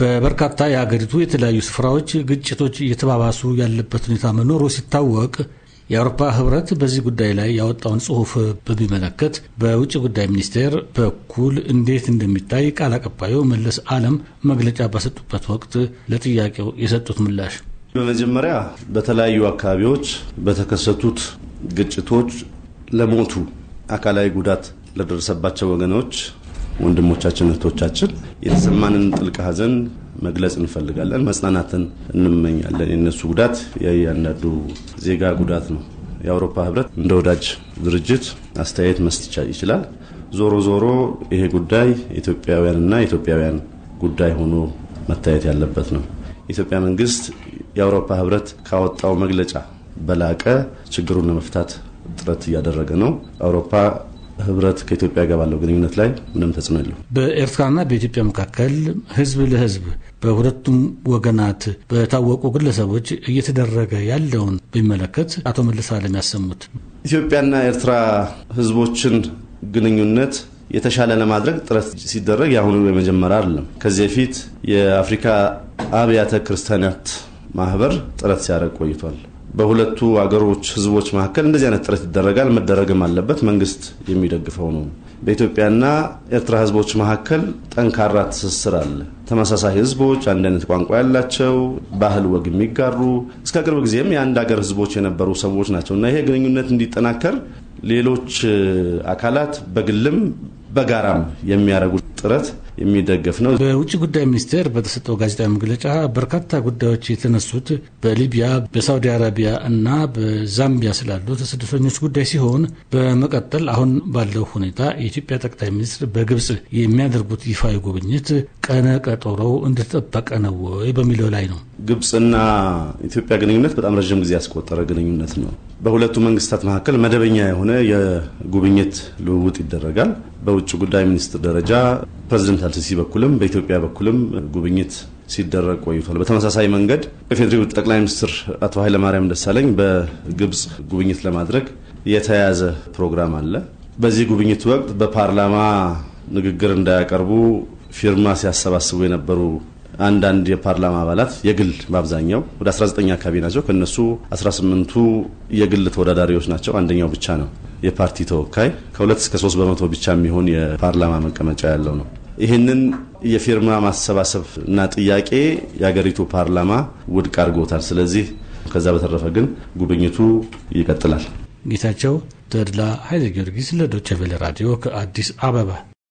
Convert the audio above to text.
በበርካታ የሀገሪቱ የተለያዩ ስፍራዎች ግጭቶች እየተባባሱ ያለበት ሁኔታ መኖሩ ሲታወቅ የአውሮፓ ህብረት በዚህ ጉዳይ ላይ ያወጣውን ጽሑፍ በሚመለከት በውጭ ጉዳይ ሚኒስቴር በኩል እንዴት እንደሚታይ ቃል አቀባዩ መለስ አለም መግለጫ በሰጡበት ወቅት ለጥያቄው የሰጡት ምላሽ በመጀመሪያ በተለያዩ አካባቢዎች በተከሰቱት ግጭቶች ለሞቱ አካላዊ ጉዳት ለደረሰባቸው ወገኖች ወንድሞቻችን እህቶቻችን የተሰማንን ጥልቅ ሀዘን መግለጽ እንፈልጋለን። መጽናናትን እንመኛለን። የእነሱ ጉዳት የእያንዳንዱ ዜጋ ጉዳት ነው። የአውሮፓ ህብረት እንደ ወዳጅ ድርጅት አስተያየት መስጠት ይችላል። ዞሮ ዞሮ ይሄ ጉዳይ ኢትዮጵያውያንና ኢትዮጵያውያን ጉዳይ ሆኖ መታየት ያለበት ነው። የኢትዮጵያ መንግስት የአውሮፓ ህብረት ካወጣው መግለጫ በላቀ ችግሩን ለመፍታት ጥረት እያደረገ ነው። አውሮፓ ህብረት ከኢትዮጵያ ጋር ባለው ግንኙነት ላይ ምንም ተጽዕኖ የለው። በኤርትራና በኢትዮጵያ መካከል ህዝብ ለህዝብ በሁለቱም ወገናት በታወቁ ግለሰቦች እየተደረገ ያለውን ቢመለከት አቶ መለስ አለም ያሰሙት ኢትዮጵያና ኤርትራ ህዝቦችን ግንኙነት የተሻለ ለማድረግ ጥረት ሲደረግ የአሁኑ የመጀመሪያ አይደለም። ከዚህ በፊት የአፍሪካ አብያተ ክርስቲያናት ማህበር ጥረት ሲያደርግ ቆይቷል። በሁለቱ አገሮች ህዝቦች መካከል እንደዚህ አይነት ጥረት ይደረጋል፣ መደረግም አለበት። መንግስት የሚደግፈው ነው። በኢትዮጵያና ኤርትራ ህዝቦች መካከል ጠንካራ ትስስር አለ። ተመሳሳይ ህዝቦች፣ አንድ አይነት ቋንቋ ያላቸው፣ ባህል ወግ የሚጋሩ እስከ ቅርብ ጊዜም የአንድ ሀገር ህዝቦች የነበሩ ሰዎች ናቸው እና ይሄ ግንኙነት እንዲጠናከር ሌሎች አካላት በግልም በጋራም የሚያደርጉት ጥረት የሚደገፍ ነው። በውጭ ጉዳይ ሚኒስቴር በተሰጠው ጋዜጣዊ መግለጫ በርካታ ጉዳዮች የተነሱት በሊቢያ፣ በሳውዲ አረቢያ እና በዛምቢያ ስላሉት ስደተኞች ጉዳይ ሲሆን በመቀጠል አሁን ባለው ሁኔታ የኢትዮጵያ ጠቅላይ ሚኒስትር በግብጽ የሚያደርጉት ይፋዊ ጉብኝት ቀነ ቀጠሮው እንደተጠበቀ ነው ወይ በሚለው ላይ ነው። ግብፅና ኢትዮጵያ ግንኙነት በጣም ረዥም ጊዜ ያስቆጠረ ግንኙነት ነው። በሁለቱ መንግስታት መካከል መደበኛ የሆነ የጉብኝት ልውውጥ ይደረጋል። በውጭ ጉዳይ ሚኒስትር ደረጃ ፕሬዚደንት አልሲሲ በኩልም በኢትዮጵያ በኩልም ጉብኝት ሲደረግ ቆይቷል። በተመሳሳይ መንገድ የፌዴሪው ጠቅላይ ሚኒስትር አቶ ኃይለማርያም ደሳለኝ በግብፅ ጉብኝት ለማድረግ የተያያዘ ፕሮግራም አለ። በዚህ ጉብኝት ወቅት በፓርላማ ንግግር እንዳያቀርቡ ፊርማ ሲያሰባስቡ የነበሩ አንዳንድ የፓርላማ አባላት የግል በአብዛኛው ወደ 19 አካባቢ ናቸው። ከነሱ 18ቱ የግል ተወዳዳሪዎች ናቸው። አንደኛው ብቻ ነው የፓርቲ ተወካይ። ከሁለት እስከ 3 በመቶ ብቻ የሚሆን የፓርላማ መቀመጫ ያለው ነው። ይህንን የፊርማ ማሰባሰብ እና ጥያቄ የሀገሪቱ ፓርላማ ውድቅ አድርጎታል። ስለዚህ ከዛ በተረፈ ግን ጉብኝቱ ይቀጥላል። ጌታቸው ተድላ ኃይለ ጊዮርጊስ ለዶቸቬለ ራዲዮ ከአዲስ አበባ